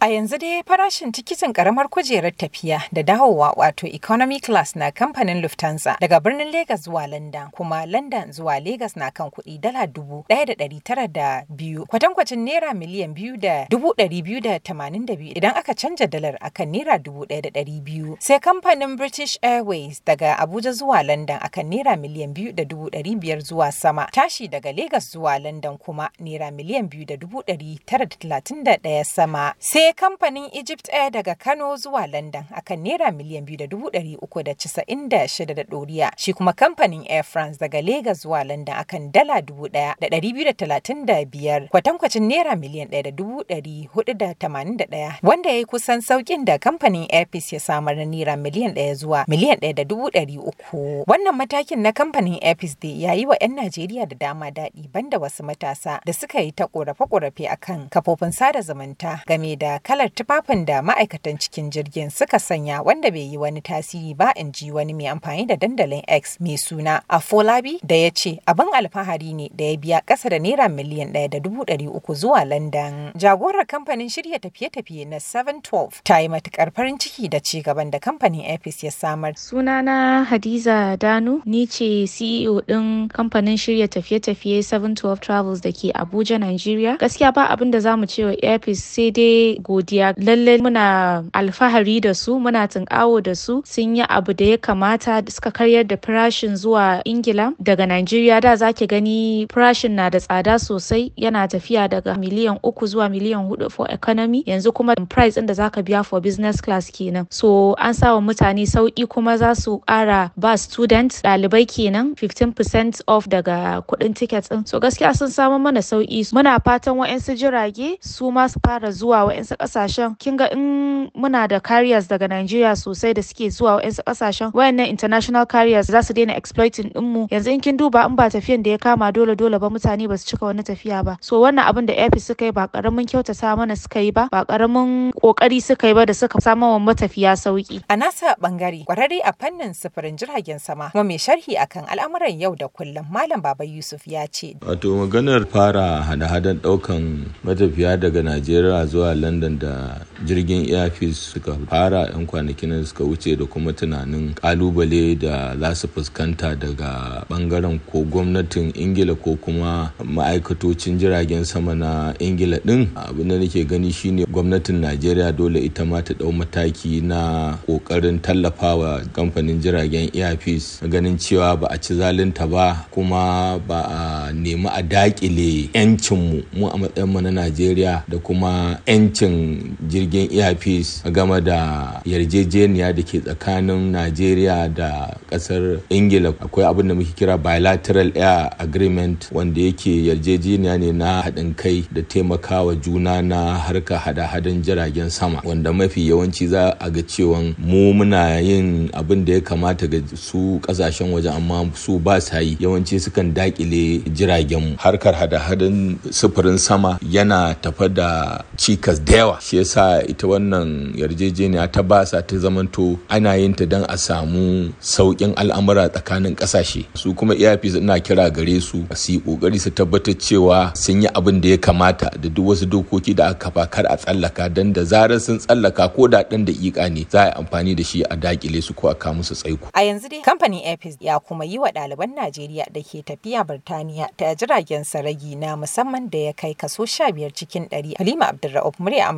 A yanzu dai farashin tikitin karamar kujerar tafiya da dawowa wato economy class na kamfanin Lufthansa daga birnin Legas zuwa London kuma London zuwa Legas na kan kuɗi dala dubu ɗaya da ɗari tara da biyu kwatankwacin naira miliyan biyu da dubu ɗari biyu da tamanin da biyu idan aka canja dalar akan naira dubu ɗaya da ɗari biyu sai kamfanin British Airways daga Abuja zuwa London akan naira miliyan biyu da dubu ɗari biyar zuwa sama tashi daga Legas zuwa London kuma naira miliyan biyu da dubu ɗari tara da talatin da ɗaya sama sai kamfanin Egypt Air daga Kano zuwa London akan naira miliyan biyu da dubu ɗari uku da casa'in da shida da ɗoriya, shi kuma kamfanin Air France daga Lagos zuwa London akan dala dubu ɗaya da ɗari biyu da talatin da biyar, kwatankwacin naira miliyan ɗaya da dubu ɗari huɗu da tamanin da ɗaya, wanda ya yi kusan sauƙin da kamfanin Airpeace ya samar na naira miliyan ɗaya zuwa miliyan ɗaya da dubu ɗari uku. Wannan matakin na kamfanin Airpeace dai ya yi wa 'yan Najeriya da dama daɗi banda wasu matasa da suka yi ta ƙorafe-ƙorafe akan kafofin sada zumunta game da kalar tufafin da ma'aikatan cikin jirgin suka sanya wanda bai yi wani tasiri ba in ji wani mai amfani da dandalin X mai suna Afolabi da ya ce abin alfahari ne da ya biya kasa da naira miliyan ɗaya da dubu ɗari uku zuwa London. Jagorar kamfanin shirya tafiye-tafiye na 712 ta yi matukar farin ciki da ci gaban da kamfanin Airpeace ya samar. suna na Hadiza Danu ni ce CEO din kamfanin shirya tafiye-tafiye 712 Travels da ke Abuja, Nigeria. Gaskiya ba abin da za mu ce wa Airpeace sai dai godiya lalle muna alfahari da su muna tunƙawo da su sun yi abu da ya kamata suka karyar da farashin zuwa ingila daga nigeria da zaki gani farashin na da tsada sosai yana tafiya daga miliyan uku zuwa miliyan hudu for economy yanzu kuma price ɗin da ka biya for business class kenan so an sa wa mutane sauki kuma za su kara ba student ɗalibai kenan 15% off daga kuɗin ticket ɗin so gaskiya sun samu mana sauki muna fatan wa'yansu jirage su ma su fara zuwa wa'yansu kasashen kin ga in muna da carriers daga Nigeria sosai da suke zuwa wa'ansu kasashen wayannan international carriers za su daina exploiting mu. yanzu in kin duba in ba tafiyan da ya kama dole dole ba mutane ba su cika wani tafiya ba so wannan abin da airfield suka yi ba karamin kyautata mana suka yi ba ba karamin kokari suka yi ba da suka samo wa matafiya sauki a nasa bangare kwararre a fannin sufurin jiragen sama kuma mai sharhi akan al'amuran yau da kullum malam baba yusuf ya ce wato maganar fara hada-hadan daukan matafiya daga najeriya zuwa london da jirgin airfield suka fara 'yan kwanakin suka wuce da kuma tunanin kalubale da za su fuskanta daga bangaren ko gwamnatin ingila ko kuma ma'aikatocin jiragen sama na ingila ɗin abin da nake gani shine gwamnatin najeriya dole ita ma ta ɗau mataki na ƙoƙarin tallafawa kamfanin jiragen airfield ganin cewa ba a ci zalinta ba kuma ba a nemi a daƙile 'yancinmu mu a matsayinmu na najeriya da kuma 'yancin kan jirgin a game da yarjejeniya da ke tsakanin najeriya da kasar ingila akwai abin da muke kira bilateral air agreement wanda yake yarjejeniya ne na haɗin kai da taimakawa juna na harka hada-hadan jiragen sama wanda mafi yawanci za a ga cewa mu muna yin abin da ya kamata ga su kasashen waje amma su ba sa yi yawanci sukan dakile jiragen harkar hada-hadan sufurin sama yana tafa da cikas da yawa shi yasa ita wannan yarjejeniya ta basa ta zamanto ana yin ta don a samu sauƙin al'amura tsakanin ƙasashe su kuma iyafi ina kira gare su su yi ƙoƙari su tabbatar cewa sun yi abin da ya kamata da duk wasu dokoki da aka kafa kar a tsallaka don da zarar sun tsallaka ko da ɗan daƙiƙa ne za a yi amfani da shi a dakile su ko a kawo musu tsaiko. a yanzu dai kamfanin efcc ya kuma yi wa ɗaliban najeriya da ke tafiya birtaniya ta jiragen saragi na musamman da ya kai kaso sha biyar cikin ɗari halima abdulra'uf murya